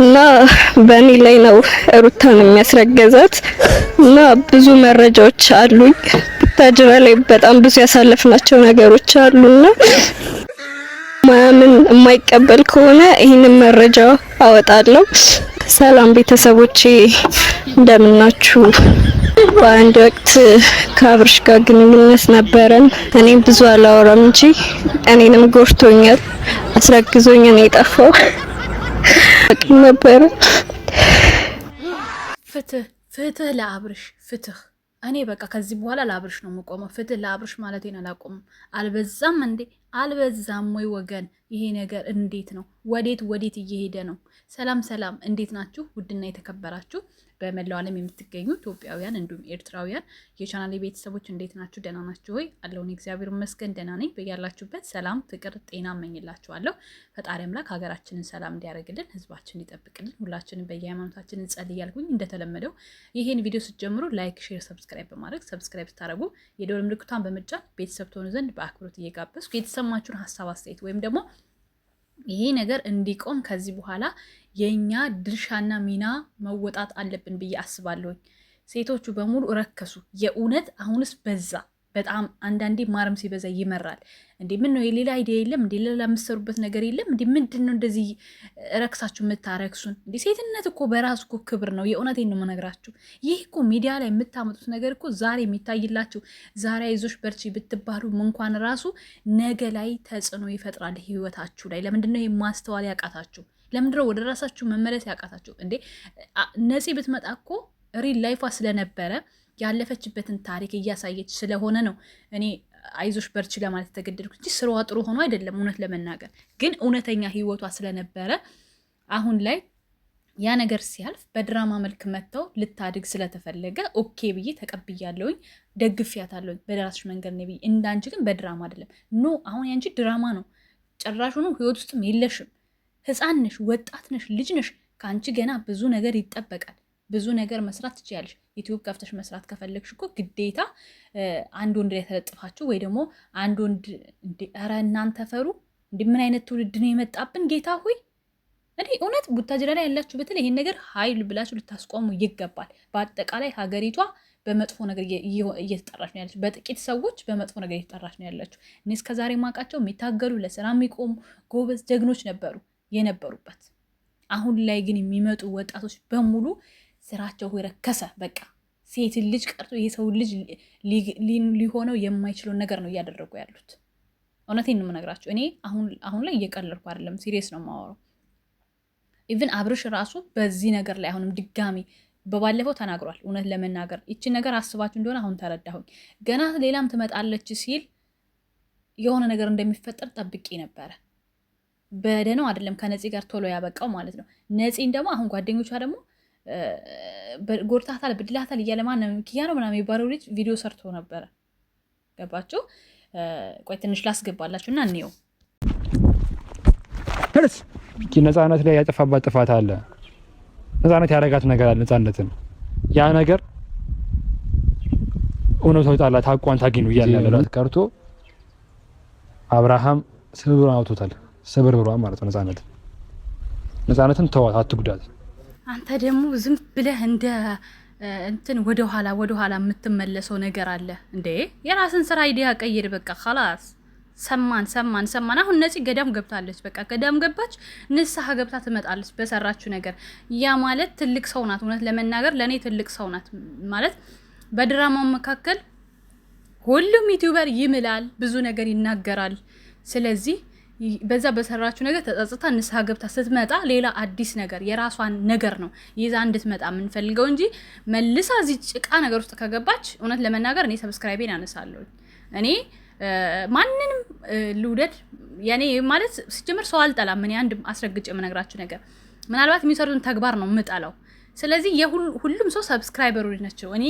እና በእኔ ላይ ነው ሩታን የሚያስረገዛት እና ብዙ መረጃዎች አሉኝ። ብታጅራ ላይ በጣም ብዙ ያሳለፍናቸው ነገሮች አሉና ማያምን የማይቀበል ከሆነ ይህንን መረጃ አወጣለሁ። ሰላም ቤተሰቦቼ እንደምናችሁ። በአንድ ወቅት ከአብርሽ ጋር ግንኙነት ነበረን። እኔም ብዙ አላወራም እንጂ እኔንም ጎርቶኛል፣ አስረግዞኝ ነው የጠፋው። አቅም ነበረ። ፍትህ ፍትህ ለአብርሽ ፍትህ። እኔ በቃ ከዚህ በኋላ ለአብርሽ ነው የምቆመው። ፍትህ ለአብርሽ ማለቴን አላቆምም። አልበዛም እንዴ? አልበዛም ወይ ወገን? ይሄ ነገር እንዴት ነው? ወዴት ወዴት እየሄደ ነው? ሰላም ሰላም፣ እንዴት ናችሁ? ውድና የተከበራችሁ በመላው ዓለም የምትገኙ ኢትዮጵያውያን እንዲሁም ኤርትራውያን የቻናሌ ቤተሰቦች እንዴት ናችሁ? ደህና ናችሁ ሆይ? አለውን እግዚአብሔር ይመስገን ደህና ነኝ። በያላችሁበት ሰላም፣ ፍቅር፣ ጤና እመኝላችኋለሁ። ፈጣሪ አምላክ ሀገራችንን ሰላም እንዲያደርግልን፣ ህዝባችን ይጠብቅልን። ሁላችንም በየሃይማኖታችን እንጸልይ እያልኩኝ እንደተለመደው ይህን ቪዲዮ ስትጀምሩ ላይክ፣ ሼር፣ ሰብስክራይብ በማድረግ ሰብስክራይብ ስታደረጉ የደወል ምልክቷን በመጫን ቤተሰብ ትሆኑ ዘንድ በአክብሮት እየጋበዝኩ የተሰማችሁን ሀሳብ አስተያየት ወይም ደግሞ ይሄ ነገር እንዲቆም ከዚህ በኋላ የእኛ ድርሻና ሚና መወጣት አለብን ብዬ አስባለሁኝ። ሴቶቹ በሙሉ እረከሱ። የእውነት አሁንስ በዛ። በጣም አንዳንዴ ማረም ሲበዛ ይመራል። እንዲ ምን ነው የሌላ አይዲያ የለም? እንዲ ሌላ የምሰሩበት ነገር የለም? እንዲ ምንድን ነው እንደዚህ ረክሳችሁ የምታረክሱን? እንዲ ሴትነት እኮ በራሱ እኮ ክብር ነው። የእውነቴን ነው የምነግራችሁ። ይህ እኮ ሚዲያ ላይ የምታመጡት ነገር እኮ ዛሬ የሚታይላችሁ ዛሬ አይዞሽ በርቺ ብትባሉ እንኳን ራሱ ነገ ላይ ተጽዕኖ ይፈጥራል ህይወታችሁ ላይ። ለምንድነው ይህ ማስተዋል ያቃታችሁ? ለምንድነው ወደ ራሳችሁ መመለስ ያቃታችሁ? እንዴ ነፂ ብትመጣ እኮ ሪል ላይፏ ስለነበረ ያለፈችበትን ታሪክ እያሳየች ስለሆነ ነው እኔ አይዞሽ በርቺ ለማለት የተገደድኩ እንጂ ስራዋ ጥሩ ሆኖ አይደለም። እውነት ለመናገር ግን እውነተኛ ህይወቷ ስለነበረ አሁን ላይ ያ ነገር ሲያልፍ በድራማ መልክ መጥተው ልታድግ ስለተፈለገ ኦኬ ብዬ ተቀብያለሁኝ፣ ደግፊያታለሁኝ በደራስሽ መንገድ ነ ብዬ። እንዳንቺ ግን በድራማ አይደለም። ኖ አሁን ያንቺ ድራማ ነው። ጭራሹኑ ህይወት ውስጥም የለሽም። ህፃን ነሽ፣ ወጣት ነሽ፣ ልጅ ነሽ። ከአንቺ ገና ብዙ ነገር ይጠበቃል። ብዙ ነገር መስራት ትችያለሽ። ዩቲዩብ ከፍተሽ መስራት ከፈለግሽ እኮ ግዴታ አንድ ወንድ ላይ ወይ ደግሞ አንድ ወንድ ኧረ እናንተ ፈሩ እንዲ ምን አይነት ትውልድ ነው የመጣብን? ጌታ ሆይ እኔ እውነት ቡታጅራ ላይ ያላችሁ በተለይ ይህን ነገር ሀይል ብላችሁ ልታስቆሙ ይገባል። በአጠቃላይ ሀገሪቷ በመጥፎ ነገር እየተጠራች ነው ያለችው። በጥቂት ሰዎች በመጥፎ ነገር እየተጠራች ነው ያለችው። እኔ ዛሬ ማውቃቸው የሚታገሉ ለስራ የሚቆሙ ጎበዝ ጀግኖች ነበሩ የነበሩበት። አሁን ላይ ግን የሚመጡ ወጣቶች በሙሉ ስራቸው ረከሰ። በቃ ሴት ልጅ ቀርቶ የሰውን ልጅ ሊሆነው የማይችለውን ነገር ነው እያደረጉ ያሉት። እውነቴን ነው የምነግራቸው። እኔ አሁን ላይ እየቀለድኩ አይደለም፣ ሲሪየስ ነው የማወራው። ኢቭን አብርሽ ራሱ በዚህ ነገር ላይ አሁንም ድጋሚ በባለፈው ተናግሯል። እውነት ለመናገር ይችን ነገር አስባችሁ እንደሆነ አሁን ተረዳሁኝ። ገና ሌላም ትመጣለች ሲል የሆነ ነገር እንደሚፈጠር ጠብቄ ነበረ። በደነው አይደለም ከነፂ ጋር ቶሎ ያበቃው ማለት ነው። ነፂን ደግሞ አሁን ጓደኞቿ ደግሞ ጎድታታል፣ ብድላታል እያለ ማነው ኪያ ነው ምናምን የሚባለው ልጅ ቪዲዮ ሰርቶ ነበረ። ገባችሁ? ቆይ ትንሽ ላስገባላችሁ እና እኔው ስ ነፃነት ላይ ያጠፋባት ጥፋት አለ። ነፃነት ያደረጋት ነገር አለ። ነፃነትን ያ ነገር እውነቱ ጣላት አቋን ታግኝ ነው እያለ ያለ ቀርቶ አብርሃም ስብርብሯን አውቶታል። ስብርብሯን ማለት ነው። ነፃነት ነፃነትን ተዋት፣ አትጉዳት አንተ ደግሞ ዝም ብለህ እንደ እንትን ወደኋላ ኋላ የምትመለሰው ነገር አለ እንዴ? የራስን ስራ አይዲያ ቀይር። በቃ ከላስ ሰማን ሰማን ሰማን። አሁን ነፂ ገዳም ገብታለች። በቃ ገዳም ገባች፣ ንስሐ ገብታ ትመጣለች በሰራችው ነገር። ያ ማለት ትልቅ ሰው ናት። እውነት ለመናገር ለእኔ ትልቅ ሰው ናት ማለት በድራማው መካከል ሁሉም ዩቲዩበር ይምላል፣ ብዙ ነገር ይናገራል። ስለዚህ በዛ በሰራችው ነገር ተጸጽታ ንስሐ ገብታ ስትመጣ ሌላ አዲስ ነገር የራሷን ነገር ነው ይዛ እንድትመጣ የምንፈልገው እንጂ መልሳ እዚህ ጭቃ ነገር ውስጥ ከገባች እውነት ለመናገር እኔ ሰብስክራይቤን አነሳለሁ። እኔ ማንንም ልውደድ የኔ ማለት ሲጀምር ሰው አልጠላም። እኔ አንድ አስረግጬ የምነግራችሁ ነገር ምናልባት የሚሰሩትን ተግባር ነው የምጠላው። ስለዚህ ሁሉም ሰው ሰብስክራይበሮች ናቸው። እኔ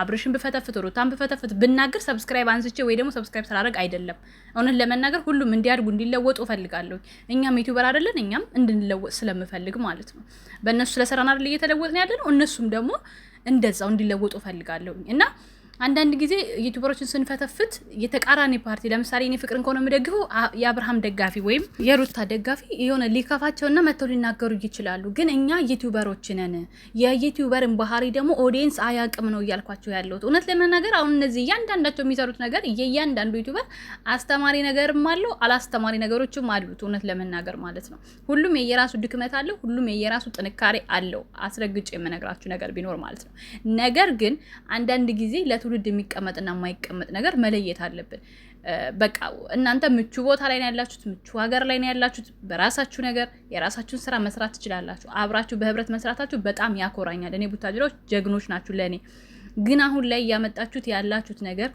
አብርሽን ብፈተፍት ሩታን ብፈተፍት ብናገር ሰብስክራይብ አንስቼ ወይ ደግሞ ሰብስክራይብ ስላደረግ አይደለም። እውነት ለመናገር ሁሉም እንዲያድጉ እንዲለወጡ እፈልጋለሁ። እኛም ዩቲዩበር አይደለን፣ እኛም እንድንለወጥ ስለምፈልግ ማለት ነው። በእነሱ ስለሰራን አይደል እየተለወጥን ያለ ነው። እነሱም ደግሞ እንደዛው እንዲለወጡ እፈልጋለሁኝ እና አንዳንድ ጊዜ ዩቱበሮችን ስንፈተፍት የተቃራኒ ፓርቲ ለምሳሌ እኔ ፍቅርን ከሆነ የምደግፈው የአብርሃም ደጋፊ ወይም የሩታ ደጋፊ የሆነ ሊከፋቸውና መተው ሊናገሩ ይችላሉ። ግን እኛ ዩቱበሮች ነን። የዩቱበርን ባህሪ ደግሞ ኦዲየንስ አያቅም ነው እያልኳቸው ያለሁት። እውነት ለመናገር አሁን እነዚህ እያንዳንዳቸው የሚሰሩት ነገር የእያንዳንዱ ዩቱበር አስተማሪ ነገርም አለው አላስተማሪ ነገሮችም አሉት። እውነት ለመናገር ማለት ነው ሁሉም የየራሱ ድክመት አለው። ሁሉም የየራሱ ጥንካሬ አለው። አስረግጬ የምነግራችሁ ነገር ቢኖር ማለት ነው ነገር ግን አንዳንድ ጊዜ ለቱ ትውልድ የሚቀመጥና የማይቀመጥ ነገር መለየት አለብን። በቃ እናንተ ምቹ ቦታ ላይ ነው ያላችሁት፣ ምቹ ሀገር ላይ ነው ያላችሁት። በራሳችሁ ነገር የራሳችሁን ስራ መስራት ትችላላችሁ። አብራችሁ በህብረት መስራታችሁ በጣም ያኮራኛል። እኔ ቡታጅሮች ጀግኖች ናችሁ ለእኔ። ግን አሁን ላይ እያመጣችሁት ያላችሁት ነገር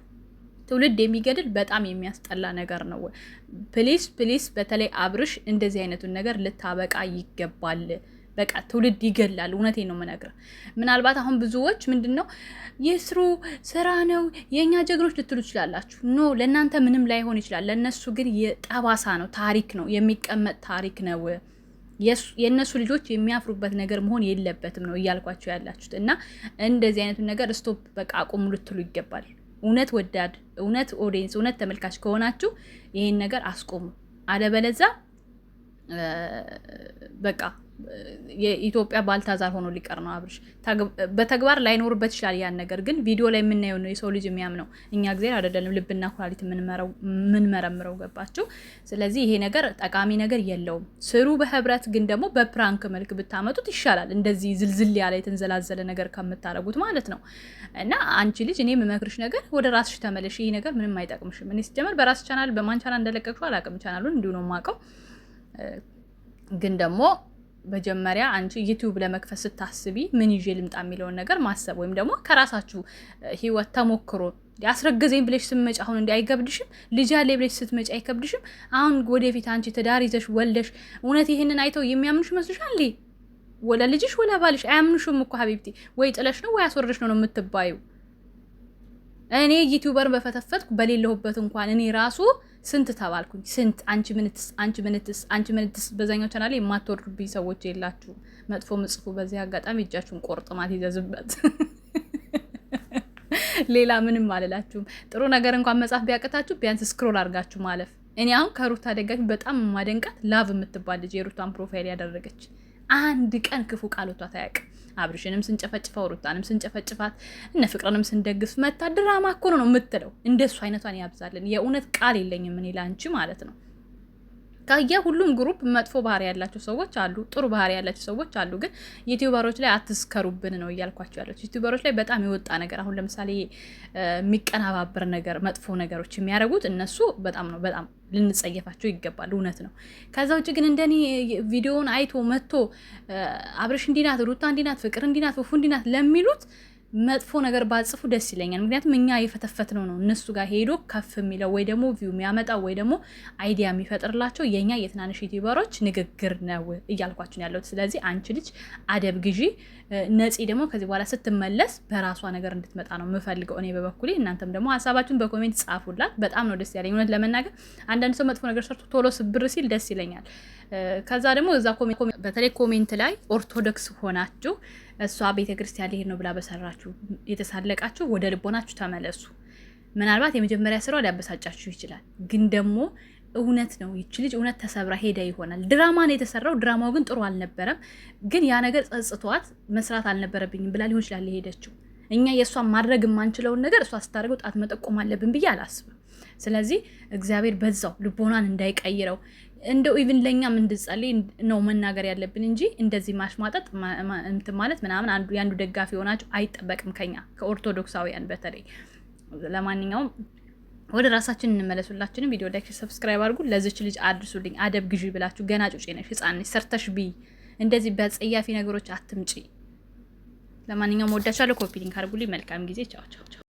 ትውልድ የሚገድል በጣም የሚያስጠላ ነገር ነው። ፕሊስ ፕሊስ፣ በተለይ አብርሽ እንደዚህ አይነቱን ነገር ልታበቃ ይገባል። በቃ ትውልድ ይገላል። እውነቴ ነው የምነግርህ። ምናልባት አሁን ብዙዎች ምንድን ነው የስሩ ስራ ነው የእኛ ጀግኖች ልትሉ ይችላላችሁ ኖ ለእናንተ ምንም ላይሆን ይችላል። ለእነሱ ግን የጠባሳ ነው፣ ታሪክ ነው፣ የሚቀመጥ ታሪክ ነው። የእነሱ ልጆች የሚያፍሩበት ነገር መሆን የለበትም ነው እያልኳቸው ያላችሁት እና እንደዚህ አይነቱን ነገር ስቶፕ በቃ አቁሙ ልትሉ ይገባል። እውነት ወዳድ፣ እውነት ኦዲየንስ፣ እውነት ተመልካች ከሆናችሁ ይህን ነገር አስቆሙ። አለበለዛ በቃ የኢትዮጵያ ባልታዛር ሆኖ ሊቀር ነው አብርሽ። በተግባር ላይኖርበት ይችላል ያን ነገር ግን ቪዲዮ ላይ የምናየው ነው የሰው ልጅ የሚያምነው። እኛ ጊዜ አይደለም ልብና ኩላሊት የምንመረምረው ገባቸው። ስለዚህ ይሄ ነገር ጠቃሚ ነገር የለውም። ስሩ በህብረት ግን ደግሞ በፕራንክ መልክ ብታመጡት ይሻላል፣ እንደዚህ ዝልዝል ያለ የተንዘላዘለ ነገር ከምታደርጉት ማለት ነው። እና አንቺ ልጅ እኔ የምመክርሽ ነገር ወደ ራስሽ ተመለሽ። ይሄ ነገር ምንም አይጠቅምሽም። እኔ ሲጀመር በራስ ቻናል በማን ቻናል እንደለቀቅሽው አላቅም። ቻናሉን እንዲሁ ነው የማውቀው ግን ደግሞ መጀመሪያ አንቺ ዩቲዩብ ለመክፈት ስታስቢ ምን ይዤ ልምጣ የሚለውን ነገር ማሰብ ወይም ደግሞ ከራሳችሁ ህይወት ተሞክሮ አስረገዘኝ ብለሽ ስትመጪ አሁን እንዲ አይገብድሽም? ልጅ አለ ብለሽ ስትመጪ አይከብድሽም? አሁን ወደፊት አንቺ ትዳር ይዘሽ ወልደሽ እውነት ይህንን አይተው የሚያምኑሽ መስልሻል? ወላ ልጅሽ ወላ ባልሽ አያምኑሽም እኮ ሀቢብቲ። ወይ ጥለሽ ነው ወይ አስወርደሽ ነው ነው የምትባዩ እኔ ዩቲዩበር በፈተፈትኩ በሌለሁበት እንኳን እኔ ራሱ ስንት ተባልኩኝ። ስንት አንቺ ምንትስ፣ አንቺ ምንትስ፣ አንቺ ምንትስ። በዛኛው ቻናል የማትወርዱብኝ ሰዎች የላችሁ። መጥፎ ምጽፉ። በዚህ አጋጣሚ እጃችሁን ቆርጥማት ይዘዝበት። ሌላ ምንም አልላችሁም። ጥሩ ነገር እንኳን መጻፍ ቢያቅታችሁ ቢያንስ ስክሮል አድርጋችሁ ማለፍ። እኔ አሁን ከሩታ ደጋፊ በጣም ማደንቃት ላቭ የምትባል ልጅ የሩታን ፕሮፋይል ያደረገች አንድ ቀን ክፉ ቃል ወቷ አያውቅም። አብርሽንም ስንጨፈጭፈው ሩታንም ስንጨፈጭፋት እነ ፍቅርንም ስንደግፍ መታ ድራማ እኮ ነው ነው የምትለው። እንደሱ አይነቷን ያብዛልን። የእውነት ቃል የለኝም እኔ ለአንቺ ማለት ነው። ከየ ሁሉም ግሩፕ መጥፎ ባህሪ ያላቸው ሰዎች አሉ፣ ጥሩ ባህሪ ያላቸው ሰዎች አሉ። ግን ዩቲዩበሮች ላይ አትስከሩብን ነው እያልኳቸው ያለች። ዩቲዩበሮች ላይ በጣም የወጣ ነገር አሁን ለምሳሌ የሚቀናባብር ነገር፣ መጥፎ ነገሮች የሚያደርጉት እነሱ በጣም ነው በጣም ልንጸየፋቸው ይገባል። እውነት ነው። ከዛ ውጭ ግን እንደኔ ቪዲዮውን አይቶ መጥቶ አብረሽ እንዲናት፣ ሩታ እንዲናት፣ ፍቅር እንዲናት፣ ወፉ እንዲናት ለሚሉት መጥፎ ነገር ባጽፉ ደስ ይለኛል። ምክንያቱም እኛ የፈተፈትነው ነው እነሱ ጋር ሄዶ ከፍ የሚለው ወይ ደግሞ ቪው የሚያመጣው ወይ ደግሞ አይዲያ የሚፈጥርላቸው የእኛ የትናንሽ ዩቲዩበሮች ንግግር ነው እያልኳችሁ ነው ያለሁት። ስለዚህ አንቺ ልጅ አደብ ግዢ። ነፂ ደግሞ ከዚህ በኋላ ስትመለስ በራሷ ነገር እንድትመጣ ነው የምፈልገው እኔ በበኩሌ። እናንተም ደግሞ ሀሳባችሁን በኮሜንት ጻፉላት። በጣም ነው ደስ ያለኝ እውነት ለመናገር አንዳንድ ሰው መጥፎ ነገር ሰርቶ ቶሎ ስብር ሲል ደስ ይለኛል። ከዛ ደግሞ እዛ በተለይ ኮሜንት ላይ ኦርቶዶክስ ሆናችሁ እሷ ቤተ ክርስቲያን ሊሄድ ነው ብላ በሰራችሁ የተሳለቃችሁ ወደ ልቦናችሁ ተመለሱ። ምናልባት የመጀመሪያ ስራ ሊያበሳጫችሁ ይችላል፣ ግን ደግሞ እውነት ነው። ይች ልጅ እውነት ተሰብራ ሄዳ ይሆናል። ድራማ ነው የተሰራው። ድራማው ግን ጥሩ አልነበረም። ግን ያ ነገር ጸጽቷት መስራት አልነበረብኝም ብላ ሊሆን ይችላል የሄደችው። እኛ የእሷን ማድረግ የማንችለውን ነገር እሷ ስታደርገው ጣት መጠቆም አለብን ብዬ አላስብም። ስለዚህ እግዚአብሔር በዛው ልቦናን እንዳይቀይረው እንደው ኢቭን ለእኛም እንድጸልይ ነው መናገር ያለብን እንጂ እንደዚህ ማሽሟጠጥ እንትን ማለት ምናምን አንዱ የአንዱ ደጋፊ የሆናቸው አይጠበቅም ከኛ ከኦርቶዶክሳውያን በተለይ። ለማንኛውም ወደ ራሳችን እንመለሱላችንም። ቪዲዮ ላይክ፣ ሰብስክራይብ አድርጉ። ለዚች ልጅ አድርሱልኝ፣ አደብ ግዢ ብላችሁ ገና ጩጭ ነሽ፣ ህፃን ነሽ፣ ሰርተሽ ብይ። እንደዚህ በጸያፊ ነገሮች አትምጪ። ለማንኛውም ወዳቻለሁ። ኮፒ ሊንክ አድርጉልኝ። መልካም ጊዜ። ቻው ቻው።